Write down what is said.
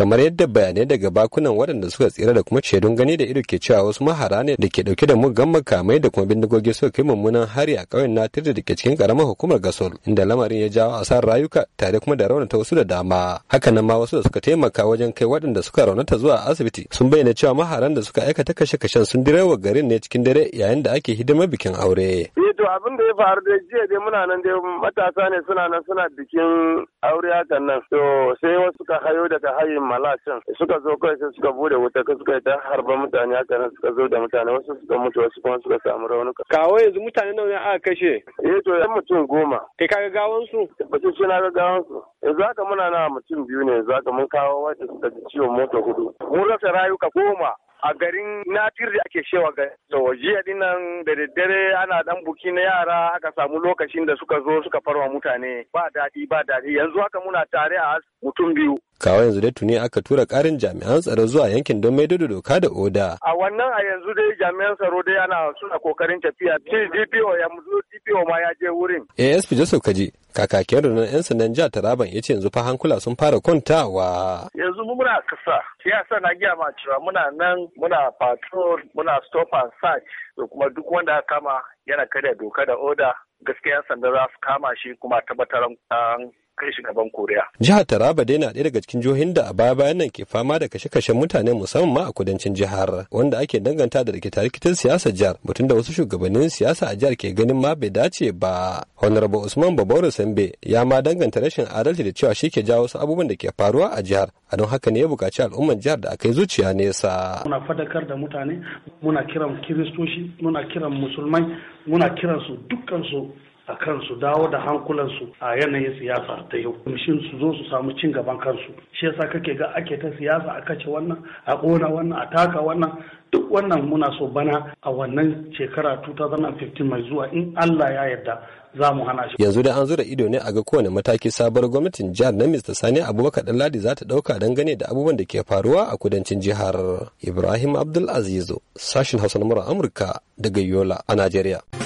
kamar yadda bayanai daga bakunan waɗanda suka tsira da kuma shaidun gani da ido ke cewa wasu mahara ne da ke ɗauke da mugan makamai da kuma bindigogi suka kai mummunan hari a ƙauyen natir da ke cikin ƙaramar hukumar gasol inda lamarin ya jawo a asarar rayuka tare kuma da raunata wasu da dama hakan ma wasu da suka taimaka wajen kai waɗanda suka raunata zuwa asibiti sun bayyana cewa maharan da suka aikata kashe-kashen sun direwa garin ne cikin dare yayin da ake hidimar bikin aure. to abin da ya faru da jiya dai muna nan dai matasa ne suna nan suna bikin aure hakan nan. To sai wasu suka hayo daga hayin malashin suka zo kai sai suka bude wuta ka suka yi ta harba mutane haka nan suka zo da mutane wasu suka mutu wasu kuma suka samu raunuka. Kawo yanzu mutane nawa ne aka kashe? Eh to yan mutum goma. Kai ga gawan su? Ba su suna ga gawan su. Yanzu haka muna na mutum biyu ne yanzu haka mun kawo wanda suka ji ciwon mota hudu. Mun rasa rayuka goma. a garin natir da ake shewa ga to jiya dinnan da daddare ana dan buki na yara aka samu lokacin da suka zo suka farwa mutane ba daɗi ba daɗi yanzu haka muna tare a mutum biyu kawai yanzu dai tuni aka tura karin jami'an tsaro zuwa yankin don maido da doka da oda. A wannan a yanzu dai jami'an tsaro dai ana suna kokarin tafiya. Shi DPO ya mutu DPO ma ya je wurin. ASP Joseph Kaji kakakin rundunar 'yan sandan jihar Taraban ya ce yanzu fa hankula sun fara kwantawa. Yanzu mu muna kasa, ya sa na giya ma cewa muna nan muna patrol, muna stop and search, da kuma duk wanda aka kama yana karya doka da oda gaskiya 'yan sandan za su kama shi kuma tabbatar an kai shi gaban jihar taraba dai na ɗaya daga cikin jihohin da a baya bayan nan ke fama da kashe-kashen mutane musamman ma a kudancin jihar wanda ake danganta da rikita rikitin siyasar jihar mutum da wasu shugabannin siyasa a jihar ke ganin ma bai dace ba honorable usman babawar sambe ya ma danganta rashin adalci da cewa shi ke jawo wasu abubuwan da ke faruwa a jihar a don haka ne ya buƙaci al'ummar jihar da aka yi zuciya nesa muna fadakar da mutane muna kiran kiristoci muna kiran musulmai muna kiransu su dukkan su a kan su dawo da hankulansu a yanayin siyasa ta yau mishin su zo su samu cin gaban kansu shi yasa kake ga ake ta siyasa a kace wannan a kona wannan a taka wannan duk wannan muna so bana a wannan shekara 2015 mai zuwa in Allah ya yarda za mu hana shi. Yanzu da an zura ido ne a ga kowane mataki sabuwar gwamnatin jihar na Mr. Sani Abubakar Ɗanladi za ta ɗauka dangane da abubuwan da ke faruwa a kudancin jihar. Ibrahim Abdul Azizo, sashin Hausa na Amurka daga Yola a Najeriya.